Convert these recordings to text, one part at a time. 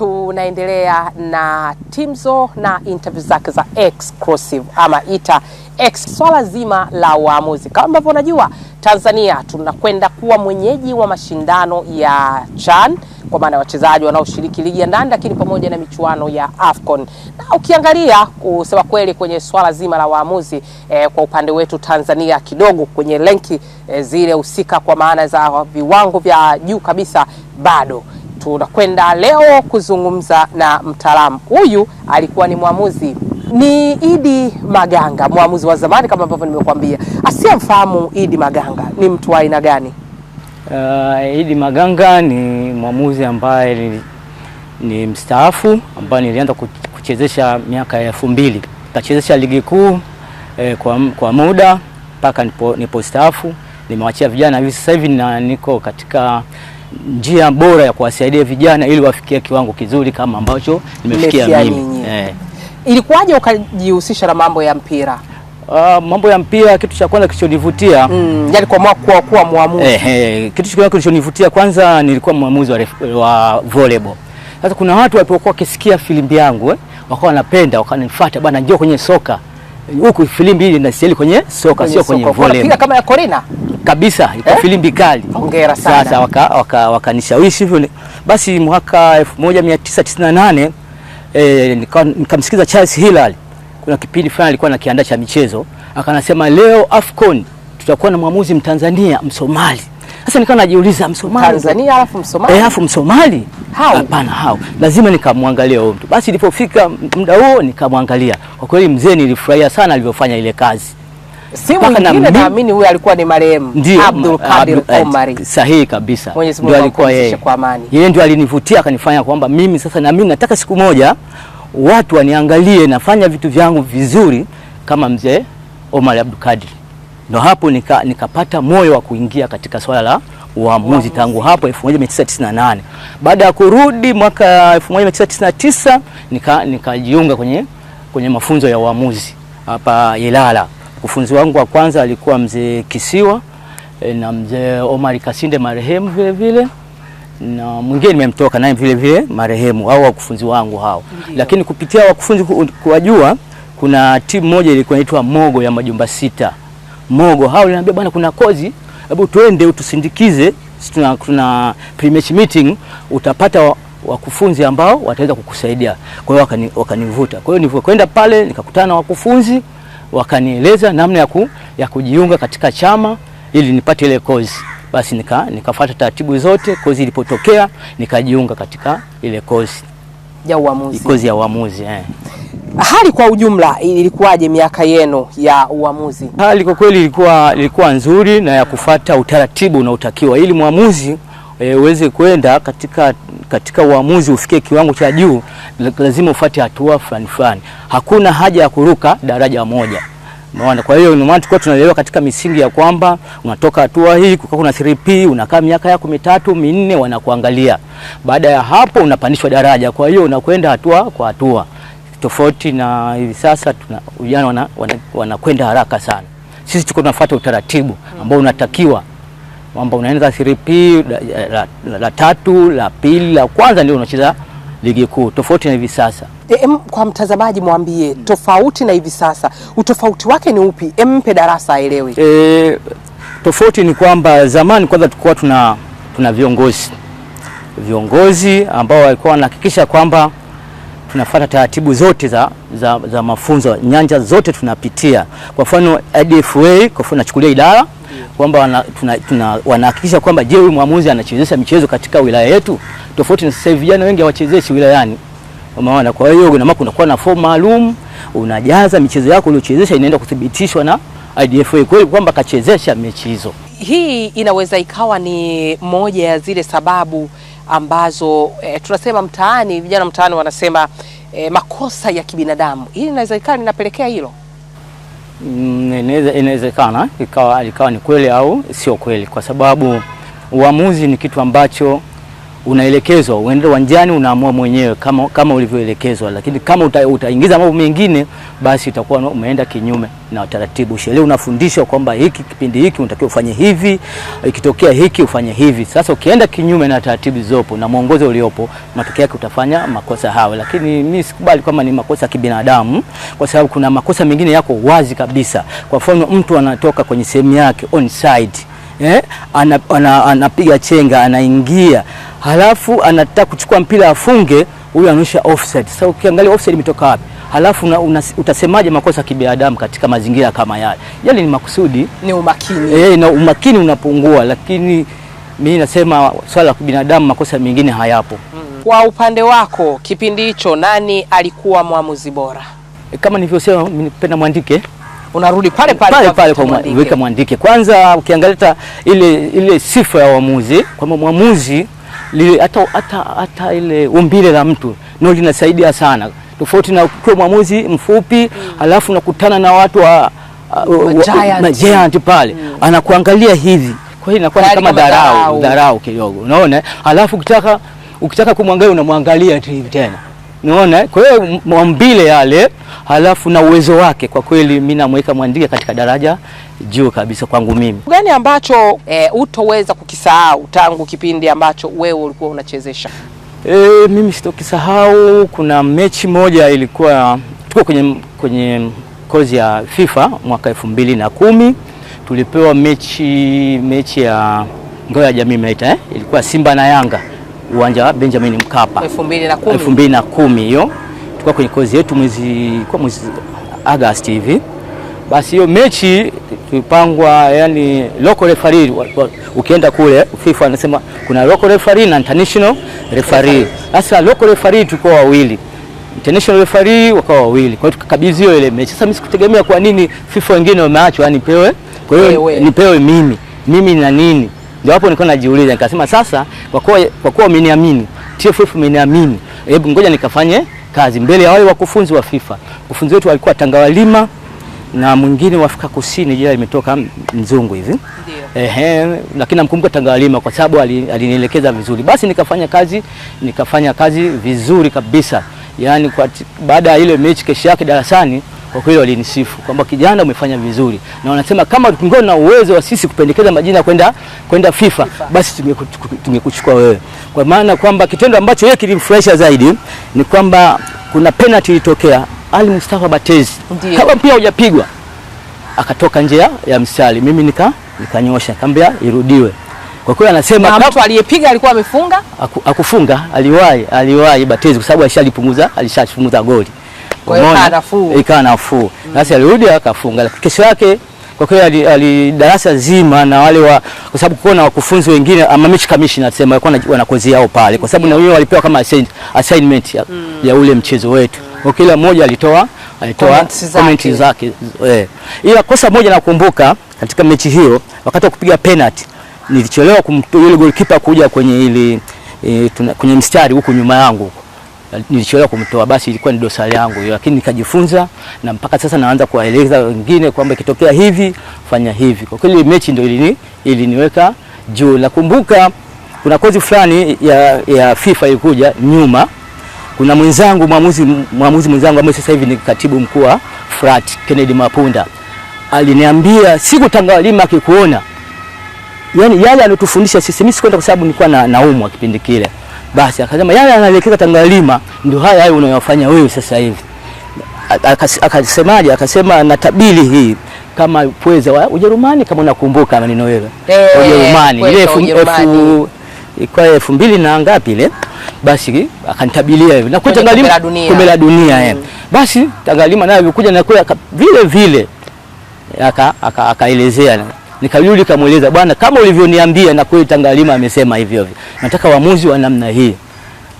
Tunaendelea na Timzo na interview zake za exclusive ama ita ex, swala zima la waamuzi. Kama ambavyo unajua, Tanzania tunakwenda kuwa mwenyeji wa mashindano ya CHAN kwa maana ya wachezaji wanaoshiriki ligi ya ndani, lakini pamoja na michuano ya AFCON. Na ukiangalia kusema kweli kwenye swala zima la waamuzi eh, kwa upande wetu Tanzania kidogo kwenye lenki eh, zile husika kwa maana za viwango vya juu kabisa bado Tunakwenda leo kuzungumza na mtaalamu huyu, alikuwa ni mwamuzi ni Idi Maganga, mwamuzi wa zamani kama ambavyo nimekuambia. Asiyemfahamu Idi Maganga ni mtu wa aina gani? Uh, Idi Maganga ni mwamuzi ambaye ni, ni mstaafu ambaye nilianza kuchezesha miaka ya elfu mbili nikachezesha ligi kuu eh, kwa, kwa muda mpaka nipo, nipo staafu. Nimewachia vijana hivi sasa hivi na niko katika njia bora ya kuwasaidia vijana ili wafikie kiwango kizuri kama ambacho nimefikia mimi. Eh. Ilikuwaje ukajihusisha na mambo ya mpira? Uh, mambo ya mpira, kitu cha kwanza kilichonivutia mm, yani kwa kuwa, kuwa muamuzi eh, eh, kitu cha kwanza kilichonivutia kwanza, nilikuwa mwamuzi wa, wa volleyball. Sasa kuna watu walipokuwa wakisikia filimbi yangu eh, wakawa wanapenda wakanifuata, bwana njoo kwenye soka huku, filimbi hili inastahili kwenye soka, sio kwenye volleyball kama ya Corina kabisa iko eh? Filimbi kali. Hongera sana. Sasa wakanishawishi waka, waka hivyo basi mwaka 1998 eh, nikamsikiza Charles Hilal kuna kipindi fulani alikuwa anakiandaa cha michezo, akanasema leo Afcon tutakuwa na mwamuzi Mtanzania Msomali. Sasa nikawa najiuliza Msomali. Tanzania alafu Msomali. Eh, alafu Msomali. Hapana hao. Lazima nikamwangalia huyo mtu. Basi ilipofika muda huo nikamwangalia. Kwa kweli mzee nilifurahia sana alivyofanya ile kazi si mwingine, naamini huyo alikuwa ni marehemu Abdul Kadir eh, Omari. Sahihi kabisa, ndio alikuwa yeye. Yeye ndio alinivutia akanifanya kwamba mimi sasa na mimi nataka siku moja watu waniangalie nafanya vitu vyangu vizuri kama mzee Omar Abdul Kadir. Ndio hapo nika, nikapata moyo wa kuingia katika swala la uamuzi tangu hapo 1998. Baada ya kurudi mwaka 1999 nika nikajiunga kwenye, kwenye mafunzo ya uamuzi hapa Ilala. Mkufunzi wangu wa kwanza alikuwa mzee Kisiwa eh, na mzee Omar Kasinde marehemu vile vile na mwingine nimemtoka naye vile vile marehemu, au wakufunzi wangu hao. Lakini kupitia wakufunzi kuwajua, kuna timu moja ilikuwa inaitwa Mogo ya Majumba Sita. Mogo hao niambia, bwana, kuna kozi, hebu tuende utusindikize, tuna, tuna pre-match meeting, utapata wakufunzi ambao wataweza kukusaidia. Kwa hiyo wakanivuta, kwa hiyo nilipokwenda pale nikakutana na wakufunzi wakanieleza namna ya, ku, ya kujiunga katika chama ili nipate ile kozi. Basi nika nikafuata taratibu zote, kozi ilipotokea nikajiunga katika ile kozi ya uamuzi, kozi ya uamuzi eh. Hali kwa ujumla ilikuwaje miaka yenu ya uamuzi? Hali kwa kweli ilikuwa ilikuwa nzuri na ya kufata utaratibu unaotakiwa ili mwamuzi e, uweze kwenda katika katika uamuzi ufikie kiwango cha juu, lazima ufuate hatua fulani fulani. Hakuna haja ya kuruka daraja moja. Unaona, kwa hiyo maana tulikuwa tunaelewa katika misingi ya kwamba unatoka hatua hii, kwa kuna 3P unakaa miaka yako mitatu minne, wanakuangalia. Baada ya hapo unapandishwa daraja, kwa hiyo unakwenda hatua kwa hatua, tofauti na hivi sasa tuna vijana wanakwenda wana, wana haraka sana. Sisi tuko tunafuata utaratibu ambao unatakiwa kwamba unaenda Serie B la, tatu la pili la kwanza ndio unacheza ligi kuu, tofauti na hivi sasa. Em, kwa mtazamaji mwambie tofauti na hivi sasa, utofauti wake ni upi? mpe darasa aelewe. E, tofauti ni kwamba zamani kwanza tulikuwa tuna, tuna viongozi viongozi ambao walikuwa wanahakikisha kwamba tunafuata taratibu zote za, za, za mafunzo, nyanja zote tunapitia. Kwa mfano ADFA, kwa mfano nachukulia idara kwamba wanahakikisha kwamba je, huyu mwamuzi anachezesha michezo katika wilaya yetu, tofauti na sasa hivi vijana wengi hawachezeshi wilayani. Umeona, kwa hiyo kuna kunakuwa na fomu maalum unajaza michezo yako uliochezesha, inaenda kuthibitishwa na IDFA kweli kwamba kachezesha mechi hizo. Hii inaweza ikawa ni moja ya zile sababu ambazo e, tunasema mtaani, vijana mtaani wanasema e, makosa ya kibinadamu. Hii inaweza ikawa linapelekea hilo. Mm, inawezekana ikawa ni kweli au sio kweli, kwa sababu uamuzi ni kitu ambacho unaelekezwa, uende uwanjani, unaamua mwenyewe kama, kama ulivyoelekezwa, lakini kama uta, utaingiza mambo mengine, basi itakuwa umeenda kinyume na taratibu. Sheria unafundisha kwamba hiki kipindi hiki unatakiwa ufanye hivi, ikitokea hiki ufanye hivi. Sasa ukienda kinyume na taratibu zopo na mwongozo uliopo, matokeo yake utafanya makosa hayo, lakini mimi sikubali kwamba ni makosa ya kibinadamu, kwa sababu kuna makosa mengine yako wazi kabisa. Kwa mfano, mtu anatoka kwenye sehemu yake onside eh, anapiga ana, ana chenga anaingia, halafu anataka kuchukua mpira afunge, huyu anaonyesha offside. Sasa ukiangalia offside imetoka wapi? Halafu una, una, utasemaje makosa ya kibinadamu katika mazingira kama yale? Yale ni makusudi, ni umakini eh, na umakini unapungua, lakini mimi nasema swala la kibinadamu makosa mengine hayapo. Mm. Kwa upande wako kipindi hicho nani alikuwa mwamuzi bora? Kama nilivyosema, napenda mwandike unarudi pale pale pale pale kwa mwandike. Mwandike kwanza ukiangalia ile ile sifa ya waamuzi kwamba mwamuzi hata hata ile umbile la mtu ndio linasaidia sana, tofauti na kwa mwamuzi mfupi mm. Alafu nakutana na watu wa majiant uh, pale mm. Anakuangalia hivi, kwa hiyo inakuwa yaani kama dharau dharau kidogo, unaona. Alafu ukitaka ukitaka kumwangalia unamwangalia hivi tena Unaona, kwa hiyo mwambile yale, halafu na uwezo wake, kwa kweli mimi namweka Mwandike katika daraja juu kabisa kwangu mimi. Gani ambacho e, utoweza kukisahau tangu kipindi ambacho wewe ulikuwa unachezesha? E, mimi sitokisahau. Kuna mechi moja ilikuwa tuko kwenye, kwenye kozi ya FIFA mwaka elfu mbili na kumi tulipewa mechi mechi ya ngao ya jamii mnaita eh? Ilikuwa Simba na Yanga uwanja wa Benjamin Mkapa 2010 hiyo, tulikuwa kwenye kozi yetu mwezi kwa mwezi August hivi. Basi hiyo mechi tulipangwa, yani local referee, ukienda kule FIFA anasema kuna local referee na international referee. Sasa local referee tulikuwa wawili international referee wakawa wawili, kwa hiyo hiyo ile mechi. Sasa mimi sikutegemea kwa nini FIFA wengine wameachwa pewe, kwa hiyo nipewe mimi mimi na nini jawapo nilikuwa najiuliza, nikasema sasa, kwa kuwa kwa kuwa umeniamini, TFF umeniamini, hebu ngoja nikafanye kazi mbele ya wale wakufunzi wa FIFA. Mkufunzi wetu walikuwa Tangawalima na mwingine wa Afrika Kusini, jina limetoka mzungu hivi ehe, lakini namkumbuka Tangawalima kwa sababu alinielekeza vizuri. Basi nikafanya kazi, nikafanya kazi vizuri kabisa, yaani baada ya ile mechi, kesho yake darasani kwa kweli walinisifu kwamba kijana umefanya vizuri, na wanasema kama tungekuwa na uwezo wa sisi kupendekeza majina kwenda kwenda FIFA, FIFA, basi tungekuchukua wewe, kwa maana kwamba kitendo ambacho yeye kilimfurahisha zaidi ni kwamba kuna penalty ilitokea Ali Mustafa Batezi kama mpira hujapigwa akatoka nje ya mstari, mimi nika nikanyosha kambia irudiwe. Kwa kweli anasema kama mtu aliyepiga alikuwa amefunga, akufunga, aliwahi aliwahi Batezi kwa sababu alishalipunguza alishapunguza goli ikawa nafuu. Sasa eh, mm. alirudi akafunga, kesho yake kwa kweli ali, ali darasa zima na wale wa, kwa sababu kuna wakufunzi wengine ama mechi commissioner nasema walikuwa wanakozi yao pale, kwa sababu yeah. na wao walipewa kama assignment assignment ya, mm. ya ule mchezo wetu mm. kwa kila mmoja alitoa alitoa comment zake eh, ila kosa moja nakumbuka katika mechi hiyo, wakati wa kupiga penalty nilichelewa kumtoa yule goalkeeper kuja kwenye ili e, tuna, kwenye mstari huko nyuma yangu huko nilichelewa kumtoa, basi ilikuwa ni dosari yangu hiyo, lakini nikajifunza na mpaka sasa naanza kuwaeleza wengine kwamba ikitokea hivi fanya hivi. Kwa kweli mechi ndio ilini, iliniweka juu. Nakumbuka kuna kozi fulani ya, ya FIFA ilikuja nyuma, kuna mwenzangu mwamuzi mwamuzi mwenzangu ambaye sasa hivi ni katibu mkuu wa Frat Kennedy Mapunda aliniambia, siku Tangawalima akikuona, yani yale anatufundisha sisi, mimi sikwenda kwa sababu nilikuwa na naumwa kipindi kile basi akasema yale yanaelekea Tangalima ndio haya hayo unayofanya wewe sasa hivi. Akasemaje? Akasema na tabili hii kama pweza wa Ujerumani, kama unakumbuka maneno yale eh, Ujerumani, ile elfu ilikuwa elfu mbili na ngapi ile. Basi akanitabilia hivi na kuja Tangalima, kombe la dunia yeye. Eh. Mm. Basi Tangalima naye alikuja na kwa vile vile akaelezea aka, aka Nikarudi nikamweleza, bwana, kama ulivyoniambia na kweli Tangalima amesema hivyo hivyo, nataka waamuzi wa namna hii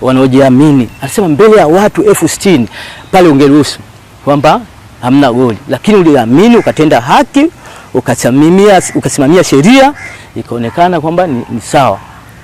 wanaojiamini. Anasema mbele ya watu elfu sitini pale ungeruhusu kwamba hamna goli, lakini uliamini ukatenda haki ukasimamia, ukasimamia sheria ikaonekana kwamba ni, ni sawa.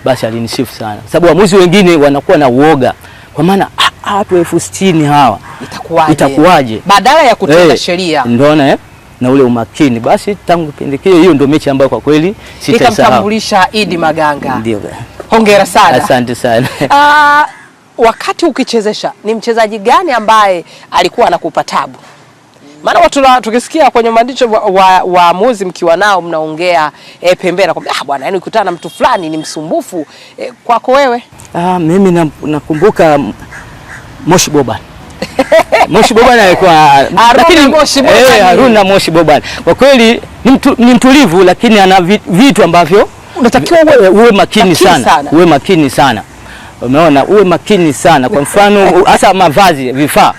Basi alinisifu sana, sababu waamuzi wengine wanakuwa na uoga kwa maana ah, ah, watu elfu sitini hawa itakuwaje? Itakuwaje badala ya kutenda hey, eh, sheria ndio eh na ule umakini basi, tangu kipindi kile, hiyo ndio mechi ambayo kwa kweli sitasahau, Idi mm. Maganga. Ndio, hongera sana, asante sana. Uh, wakati ukichezesha ni mchezaji gani ambaye alikuwa anakupa tabu? Maana watu tukisikia kwenye maandicho waamuzi wa, wa mkiwa nao mnaongea e, pembeni nakwambia ah, bwana yani ukutana na mtu fulani ni msumbufu e, kwako wewe? Ah, mimi nakumbuka Moshi Boban Moshi Bobani alikuwa lakini Moshi Bobani, eh, Haruna Moshi Bobani kwa kweli ni mtu ni mtulivu, lakini ana vitu ambavyo unatakiwa uwe uwe makini, makini sana, sana. Uwe makini sana umeona, uwe makini sana kwa mfano hasa mavazi, vifaa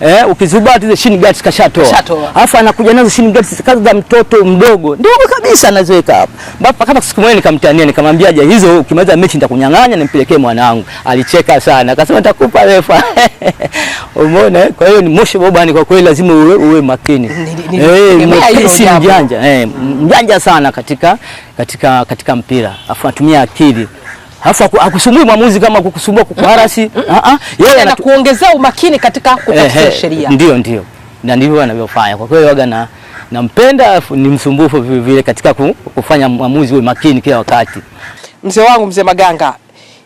eh, ukizubati zile shin guards kashatoa, alafu anakuja nazo shin guards kazi za mtoto mdogo ndogo kabisa anaziweka hapa. Baba kama siku moja nikamtania, nikamwambia je, hizo ukimaliza mechi nitakunyang'anya nimpelekee mwanangu. Alicheka sana, akasema nitakupa refa. Umeona? Eh? Kwa hiyo ni moshi bobani, kwa kweli lazima uwe, uwe makini eh, si mjanja eh, mjanja sana katika, katika, katika mpira Alafu atumia akili Alafu akusumbui mwamuzi kama kukusumbua kukuharasi. Ah, ah. Yeye yaani anakuongezea umakini katika kutafsiri sheria. Ndio, ndio. Na ndivyo anavyofanya. Kwa kweli waga na nampenda ni msumbufu vile vile katika kufanya mwamuzi uwe makini kila wakati. Mzee wangu mzee Maganga,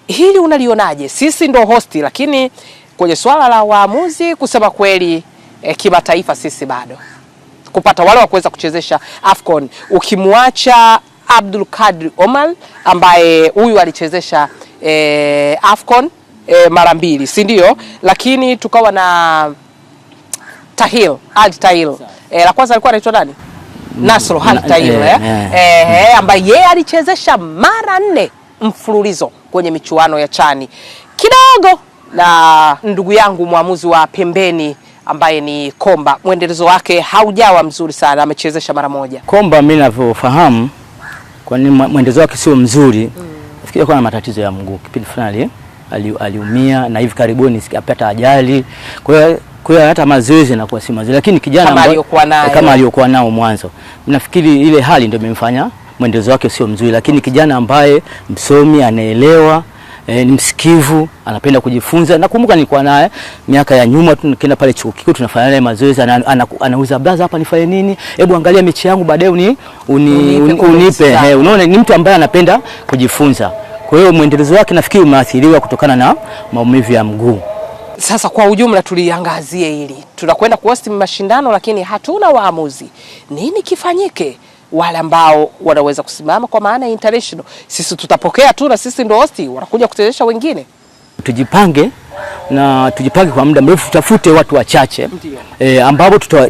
hili unalionaje? Sisi ndo hosti, lakini kwenye swala la waamuzi kusema kweli eh, kimataifa sisi bado kupata wale wa kuweza kuchezesha Afcon ukimwacha Abdul Kadri Omal ambaye huyu alichezesha e, Afcon e, mara mbili, si ndio? Lakini tukawa na Tahil Al Tahil e, la kwanza alikuwa anaitwa nani? Mm, Nasro Al Tahil eh, e, ambaye yeye alichezesha mara nne mfululizo kwenye michuano ya chani kidogo na ndugu yangu mwamuzi wa pembeni ambaye ni Komba, mwendelezo wake haujawa mzuri sana, amechezesha mara moja Komba. Mimi navyofahamu kwa nini mwendezo wake sio mzuri mm. Nafikiri kwa na matatizo ya mguu kipindi fulani aliumia, na hivi karibuni apata ajali, kwa hiyo kwa hata mazoezi na si mazoezi, lakini kijana kama aliyokuwa nao mwanzo, nafikiri ile hali ndio imemfanya mwendezo wake sio mzuri, lakini kijana ambaye msomi anaelewa e, ni msikivu, anapenda kujifunza. Nakumbuka nilikuwa naye miaka ya nyuma, tunakwenda pale chuo kikuu tunafanya naye mazoezi, anauza blaza, hapa nifanye nini, hebu angalia mechi yangu baadaye uni, uni, unipe, unipe. He, eh, unaona ni mtu ambaye anapenda kujifunza. Kwa hiyo mwendelezo wake nafikiri umeathiriwa kutokana na maumivu ya mguu. Sasa kwa ujumla tuliangazie hili, tunakwenda kuhosti mashindano lakini hatuna waamuzi, nini kifanyike? wale ambao wanaweza kusimama kwa maana international. Sisi tutapokea tu na sisi ndio hosti, wanakuja kuchezesha wengine. Tujipange na tujipange kwa muda mrefu, tutafute watu wachache e, ambapo tuta,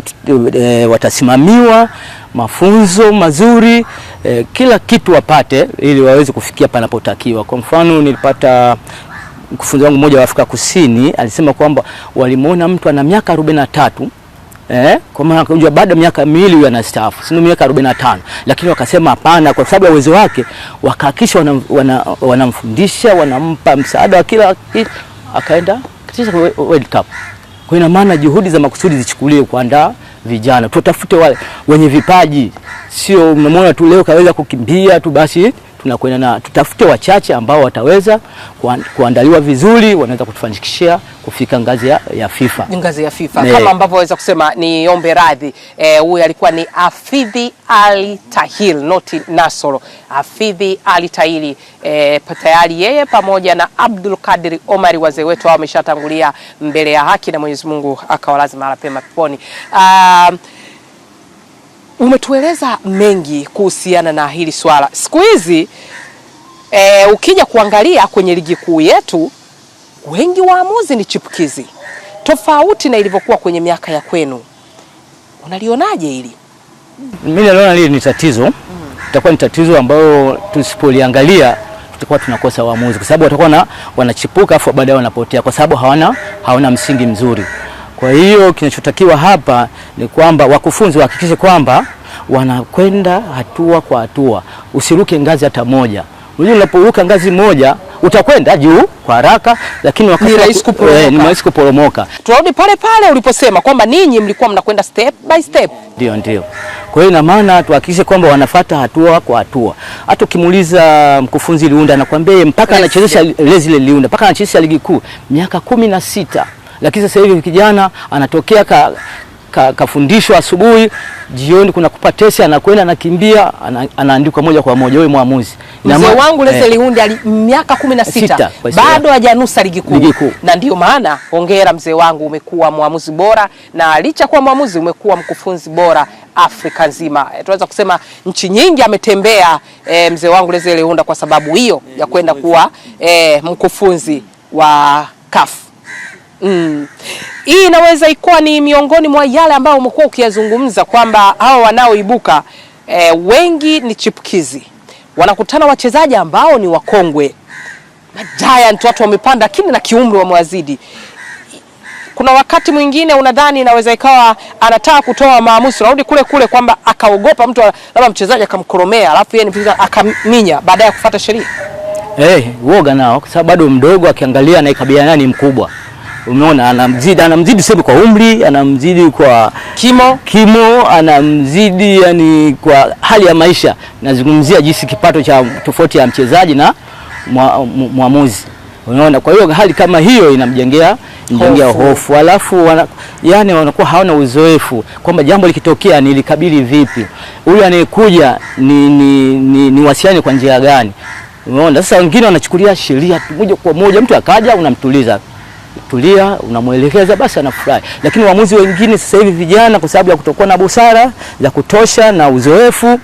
e, watasimamiwa mafunzo mazuri e, kila kitu wapate, ili waweze kufikia panapotakiwa. Kwa mfano nilipata mkufunzi wangu mmoja wa Afrika Kusini alisema kwamba walimwona mtu ana miaka arobaini na tatu Eh, kwa maana unajua baada ya miaka miwili huyu anastaafu, si miaka 45. Lakini wakasema hapana, kwa sababu ya uwezo wake wakahakisha wanamfundisha wana, wana wanampa msaada wa kila akaenda katika World Cup. Kwa ina maana juhudi za makusudi zichukuliwe kuandaa vijana, tutafute wale wenye vipaji, sio unamwona tu leo kaweza kukimbia tu basi tunakwenda na tutafute wachache ambao wataweza kuandaliwa vizuri, wanaweza kutufanikishia kufika ngazi ya, ya FIFA, ngazi ya FIFA ne. Eh. Kama ambavyo waweza kusema ni ombe radhi eh, huyu e, alikuwa ni Afidhi Ali Tahil noti Nasoro Afidhi Ali Tahili e, eh, tayari yeye pamoja na Abdul Kadri Omari wazee wetu hao wameshatangulia mbele ya haki na Mwenyezi Mungu akawalaza mara pema peponi. Uh, umetueleza mengi kuhusiana na hili swala. Siku hizi e, ukija kuangalia kwenye ligi kuu yetu wengi waamuzi ni chipukizi, tofauti na ilivyokuwa kwenye miaka ya kwenu. Unalionaje hili? Mimi naliona hili ni tatizo Itakuwa ni tatizo ambayo tusipoliangalia tutakuwa tunakosa waamuzi, kwa sababu watakuwa wanachipuka afu baadaye wanapotea, kwa sababu hawana hawana msingi mzuri. Kwa hiyo kinachotakiwa hapa ni kwamba wakufunzi wahakikishe kwamba wanakwenda hatua kwa hatua, usiruke ngazi hata moja. Unajua, unaporuka ngazi moja utakwenda juu kwa haraka, lakini wakati ni rahisi kuporomoka. E, kuporomoka. Turudi pale pale uliposema kwamba ninyi mlikuwa mnakwenda step by step. Ndio, ndio. Kwa hiyo ina maana tuhakikishe kwamba wanafata hatua kwa hatua. Hata ukimuuliza mkufunzi Liunda anakuambia mpaka anachezesha lezi ile Liunda mpaka anachezesha ligi kuu miaka kumi na sita lakini sasa hivi kijana anatokea ka, ka, kafundishwa asubuhi, jioni kuna kupatesi, anakwenda anakimbia, anaandikwa moja kwa moja. Wewe maamuzi. Mzee wangu Lese eh, ali miaka kumi na sita bado hajanusa ligi kuu, na ndio maana hongera mzee wangu, umekuwa mwamuzi bora, na licha kuwa mwamuzi umekuwa mkufunzi bora Afrika nzima eh, tunaweza kusema nchi nyingi ametembea e, mzee wangu Leze Liunda kwa sababu hiyo ya kwenda kuwa e, mkufunzi wa kafu. Mm. Hii inaweza ikuwa ni miongoni mwa yale ambayo umekuwa ukiyazungumza kwamba hawa wanaoibuka e, wengi ni chipukizi, wanakutana wachezaji ambao ni wakongwe Giant, watu wamepanda lakini na kiumri wamewazidi. Kuna wakati mwingine unadhani inaweza ikawa anataka kutoa maamuzi, unarudi kule kule kwamba akaogopa mtu labda mchezaji akamkoromea, alafu yeye ni akaminya baada ya kufuata sheria. Eh, hey, uoga nao kwa sababu bado mdogo, akiangalia anayekabiliana nani mkubwa. Umeona, anamzidi anamzidi tuseme kwa umri, anamzidi kwa kimo kimo, anamzidi yani kwa hali ya maisha. Nazungumzia jinsi kipato cha tofauti ya mchezaji na mwamuzi mua, unaona. Kwa hiyo hali kama hiyo inamjengea inamjengea hofu, alafu wana, yani wanakuwa hawana uzoefu kwamba jambo likitokea nilikabili vipi, huyu anayekuja ni, ni, ni, ni wasiani kwa njia gani? Umeona, sasa wengine wanachukulia sheria moja kwa moja, mtu akaja unamtuliza tulia, unamwelekeza basi anafurahi. Lakini waamuzi wengine sasa hivi vijana, kwa sababu ya kutokuwa na busara za kutosha na uzoefu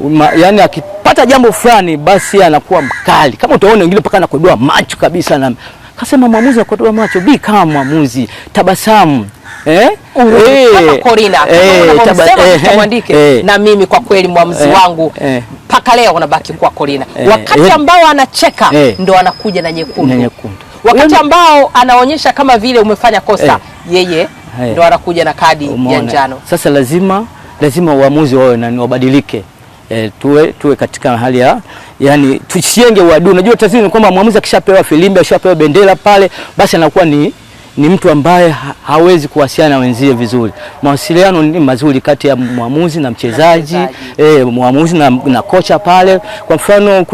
Uma, yani akipata jambo fulani basi anakuwa mkali, kama utaona wengine mpaka anakodoa macho kabisa na kasema mwamuzi akodoa macho bi kama mwamuzi tabasamu eh? E, kama Corina eh, taba, e, e, e, na mimi kwa kweli mwamuzi e, wangu e, mpaka leo unabaki kuwa Corina e, wakati ambao anacheka e, ndo anakuja na nyekundu, na nyekundu wakati ambao anaonyesha kama vile umefanya kosa hey, eh. yeye hey, eh. ndo anakuja na kadi ya njano. Sasa lazima lazima uamuzi wawe na wabadilike. E, tuwe, tuwe katika hali ya yani tusienge uadui. Unajua tatizo ni kwamba mwamuzi akishapewa filimbi akishapewa bendera pale, basi anakuwa ni ni mtu ambaye hawezi kuwasiliana na wenzie vizuri. Mawasiliano ni mazuri kati ya mwamuzi na mchezaji, eh, mwamuzi na, na kocha pale. Kwa mfano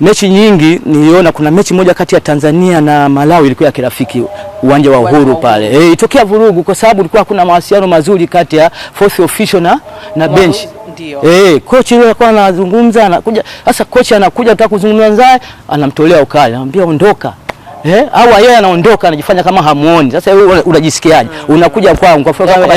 mechi nyingi niliona kuna mechi moja kati ya Tanzania na Malawi ilikuwa ya kirafiki uwanja wa Uhuru pale. Eh, itokea vurugu kwa sababu ilikuwa hakuna mawasiliano mazuri kati ya fourth official na na bench. Eh, kocha yule alikuwa anazungumza anakuja. Sasa kochi anakuja anataka kuzungumza naye anamtolea ukali, anamwambia ondoka eh, au yeye anaondoka anajifanya kama hamuoni. Sasa wewe unajisikiaje? mm. Unakuja kwangu kwa sababu kwa kama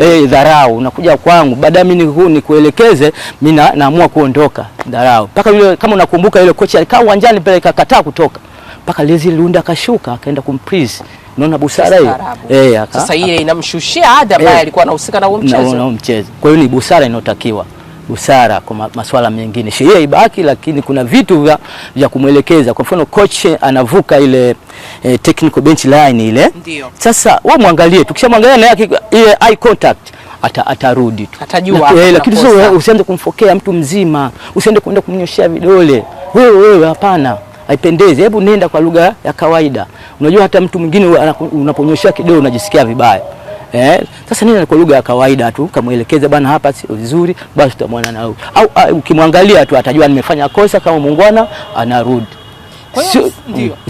eh, eh, eh, dharau, unakuja kwangu baada mimi nikuelekeze, mimi naamua kuondoka, dharau. Mpaka yule kama unakumbuka yule kocha alikaa uwanjani pale akakataa kutoka, mpaka Lezi Lunda akashuka akaenda kumplease Unaona busara hiyo eh. aka Sasa ile inamshushia ada ambaye eh. alikuwa anahusika na huo mchezo, na huo mchezo. Kwa hiyo ni busara inotakiwa busara kwa masuala mengine. Sheria ibaki, lakini kuna vitu vya, vya kumwelekeza. Kwa mfano coach anavuka ile eh, technical bench line ile, ndio sasa wewe muangalie, tukishamwangalia na yake ile eye contact ata atarudi tu atajua, eh, lakini sio usiende kumfokea mtu mzima, usiende kwenda kumnyoshea vidole wewe wewe, hapana, haipendezi. Hebu nenda kwa lugha ya kawaida. Unajua hata mtu mwingine unaponyoshea kidole unajisikia vibaya. Eh, sasa nini kwa lugha ya kawaida tu kamwelekeze bana hapa sio vizuri, basi tutamwona na huyo. au ukimwangalia tu atajua nimefanya kosa, kama muungwana anarudi. Sio,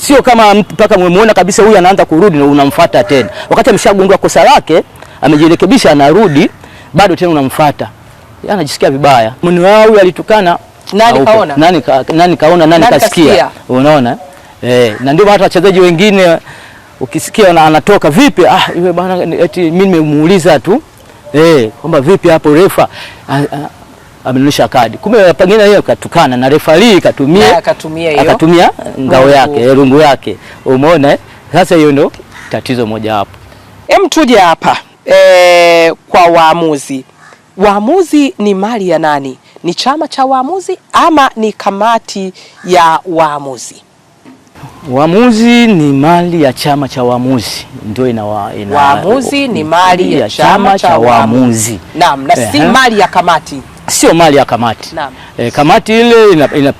sio kama mpaka muona kabisa huyu anaanza kurudi na unamfuata tena, wakati ameshagundua kosa lake, amejirekebisha, anarudi bado tena unamfuata, Yeye anajisikia vibaya. Huyu alitukana nani, kaona nani, ka, nani kaona nani, nani kasikia. Unaona eh, na ndio hata wachezaji wengine ukisikia anatoka vipi, ah, yule bwana eti mimi nimemuuliza tu eh, kwamba vipi hapo refa amenunisha kadi, kumbe pengine yeye katukana na refari akatumia akatumia ngao yake eh, rungu yake. Umeona eh? sasa, hiyo ndio tatizo moja hapo. Hem, tuje hapa e, kwa waamuzi. Waamuzi ni mali ya nani? Ni chama cha waamuzi ama ni kamati ya waamuzi? Waamuzi ni mali ya chama cha waamuzi, ndio ina waamuzi ni mali ya chama cha waamuzi. Naam, na si mali ya kamati, sio mali ya kamati. E, kamati ile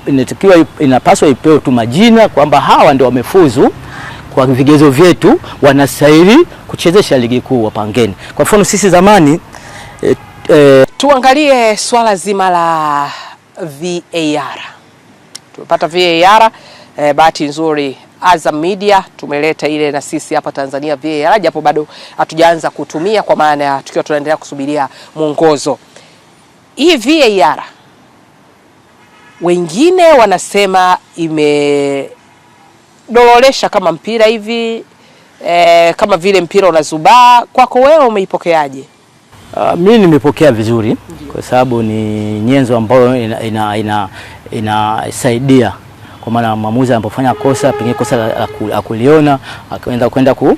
inatakiwa ina, ina, inapaswa ipewe tu majina kwamba hawa ndio wamefuzu kwa vigezo vyetu, wanastahili kuchezesha ligi kuu, wapangeni. Kwa mfano sisi zamani e, e, tuangalie swala zima la VAR. Tumepata VAR eh, bahati nzuri Azam Media tumeleta ile na sisi hapa Tanzania VAR, japo bado hatujaanza kutumia kwa maana ya tukiwa tunaendelea kusubiria mwongozo. Hii VAR wengine wanasema imedololesha kama mpira hivi eh, kama vile mpira unazubaa. Kwako wewe umeipokeaje? Uh, mimi nimepokea vizuri kwa sababu ni nyenzo ambayo inasaidia ina, ina, ina kwa maana mwamuzi anapofanya kosa, pengine kosa la akuliona, akaenda kwenda ku,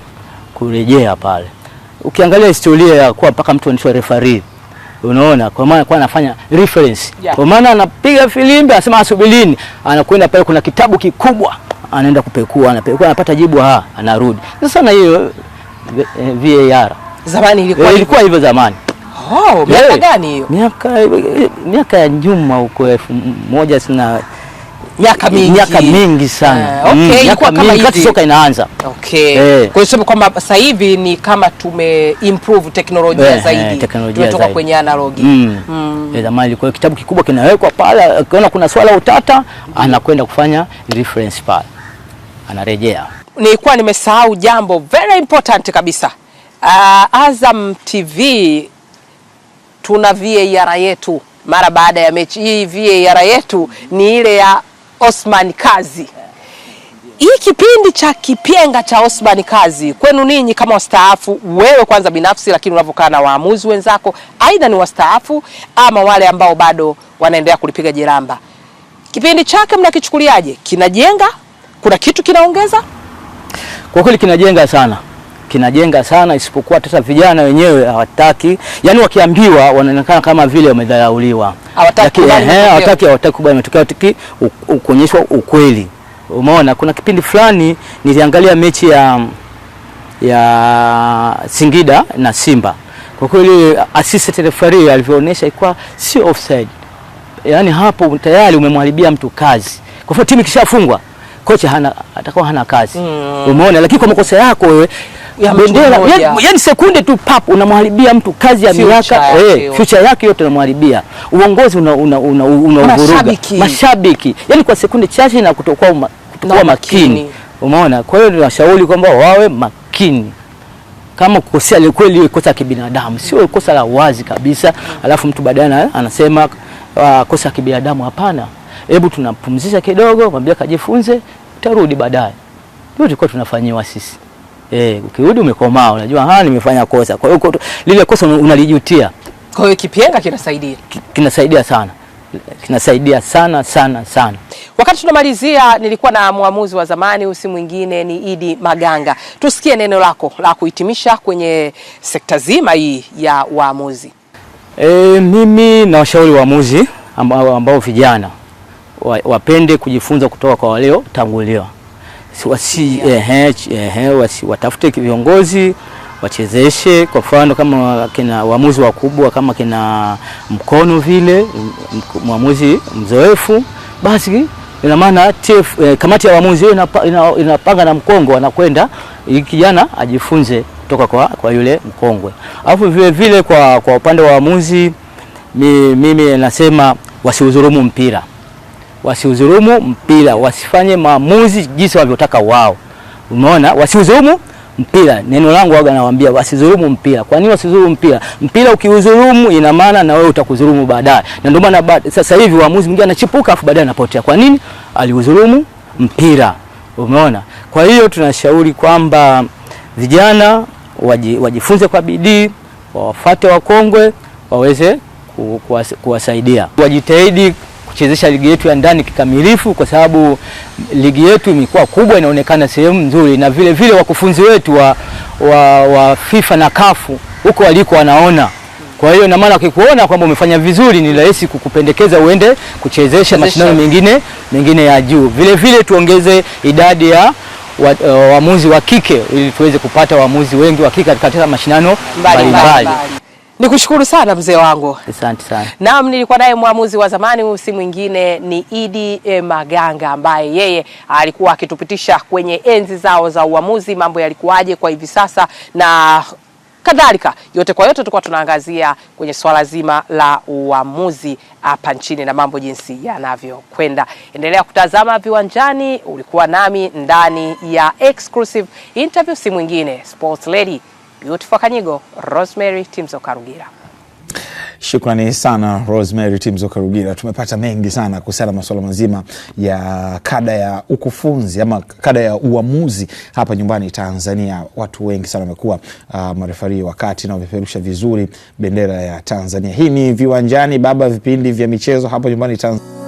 kurejea pale. Ukiangalia historia ya kuwa mpaka mtu anaitwa referee Unaona, kwa maana kwa anafanya reference yeah. Kwa maana anapiga filimbi, anasema asubilini, anakwenda pale, kuna kitabu kikubwa, anaenda kupekua, anapekua, anapata jibu, ha, anarudi sasa. Na hiyo eh, VAR zamani eh, ilikuwa e, ilikuwa hivyo zamani, oh, miaka eh, gani hiyo? Miaka miaka ya nyuma huko elfu moja sina miaka mingi, miaka mingi sana uh, okay, mm, miaka mingi kati soka inaanza okay. Eh. Kwa hiyo kwamba sasa hivi ni kama tume improve teknolojia eh, zaidi eh, teknolojia kutoka kwenye analog mm. mm. Eh, Zamani kwa kitabu kikubwa kinawekwa pale, akiona kuna swala utata anakwenda kufanya reference pale, anarejea. Nilikuwa nimesahau jambo very important kabisa. Uh, Azam TV tuna VAR yetu mara baada ya mechi hii. VAR yetu ni ile ya Osman Kazi. Hii kipindi cha kipenga cha Osman Kazi kwenu ninyi kama wastaafu, wewe kwanza binafsi, lakini unavyokaa na waamuzi wenzako, aidha ni wastaafu ama wale ambao bado wanaendelea kulipiga jeramba, kipindi chake mnakichukuliaje? Kinajenga? Kuna kitu kinaongeza? Kwa kweli kinajenga sana kinajenga sana, isipokuwa sasa vijana wenyewe hawataki, yani wakiambiwa wanaonekana kama vile wamedharauliwa hawataki kubali matokeo, hawataki kuonyeshwa ukweli. Umeona, kuna kipindi fulani niliangalia mechi ya ya Singida na Simba, kwa kweli assistant referee alivyoonyesha ilikuwa sio offside, yaani hapo tayari umemharibia mtu kazi. Kwa hivyo timu ikishafungwa kocha hana atakuwa hana kazi mm. Umeona, lakini kwa makosa yako wewe bendera yani, yaani sekunde tu pap unamharibia mtu kazi ya miaka eh, future yake yote unamharibia. Uongozi unauvuruga una, una, una mashabiki. Mashabiki yani kwa sekunde chache na kutokuwa kutokuwa makini, Umeona, kwa hiyo tunashauri kwamba wawe makini kama kukosea ile kweli ile kosa kibinadamu, sio kosa la wazi kabisa, alafu mtu baadaye anasema uh, kosa ya kibinadamu. Hapana, hebu tunapumzisha kidogo, mwambie kajifunze, utarudi baadaye. Ndio tulikuwa tunafanyiwa sisi. Eh, ukirudi umekomaa, unajua ha, ah, nimefanya kosa. Kwa hiyo lile kosa unalijutia. Kwa hiyo kipenga kinasaidia, kinasaidia sana, kinasaidia sana sana sana. Wakati tunamalizia, nilikuwa na mwamuzi wa zamani, usi mwingine ni Idi Maganga. Tusikie neno lako la kuhitimisha kwenye sekta zima hii ya waamuzi. E, eh, mimi na washauri waamuzi ambao ambao vijana wapende kujifunza kutoka kwa waliotanguliwa wasi, eh, eh, wasi, watafute viongozi wachezeshe kwa mfano kama kina waamuzi wakubwa kama kina mkono vile mwamuzi mzoefu, basi ina maana eh, kamati ya waamuzi hiyo inapanga na mkongwe anakwenda kijana ajifunze kutoka kwa, kwa yule mkongwe. Alafu vile vile kwa, kwa upande wa waamuzi mimi nasema wasihudhurumu mpira wasiudhulumu mpira, wasifanye maamuzi jinsi wanavyotaka wao. Umeona, wasiudhulumu mpira. Neno langu waga nawaambia wasidhulumu mpira. Kwa nini wasidhulumu mpira? Mpira ukiudhulumu, ina maana na wewe utakudhulumu baadaye, na ndio maana sasa hivi waamuzi mwingine anachipuka afu baadaye anapotea. Kwa nini? Aliudhulumu mpira. Umeona, kwa hiyo tunashauri kwamba vijana wajifunze kwa bidii, wawafate wakongwe waweze kuwasaidia, wajitahidi kuchezesha ligi yetu ya ndani kikamilifu, kwa sababu ligi yetu imekuwa kubwa, inaonekana sehemu nzuri, na vile vile wakufunzi wetu wa, wa, wa FIFA na kafu huko waliko wanaona kwa hiyo na maana wakikuona kwamba umefanya vizuri, ni rahisi kukupendekeza uende kuchezesha mashindano mengine mengine ya juu. Vile vile tuongeze idadi ya waamuzi wa, uh, wa kike ili tuweze kupata waamuzi wengi wa kike katika mashindano mbalimbali. Nikushukuru sana mzee wangu. Asante sana. Naam, nilikuwa naye mwamuzi wa zamani, si mwingine ni Idi eh, Maganga ambaye yeye alikuwa akitupitisha kwenye enzi zao za uamuzi, mambo yalikuwaje kwa hivi sasa na kadhalika. Yote kwa yote, tulikuwa tunaangazia kwenye swala zima la uamuzi hapa nchini na mambo jinsi yanavyokwenda. Endelea kutazama Viwanjani. Ulikuwa nami ndani ya exclusive interview, si mwingine Sports Lady Beautiful Kanyigo, Rosemary Timzo Karugira. Shukrani sana Rosemary Timzo Karugira. Tumepata mengi sana kuhusiana na masuala mazima ya kada ya ukufunzi ama kada ya uamuzi hapa nyumbani Tanzania. Watu wengi sana wamekuwa uh, marefarii wakati na wamepeperusha vizuri bendera ya Tanzania. Hii ni Viwanjani, baba vipindi vya michezo hapa nyumbani Tanzania.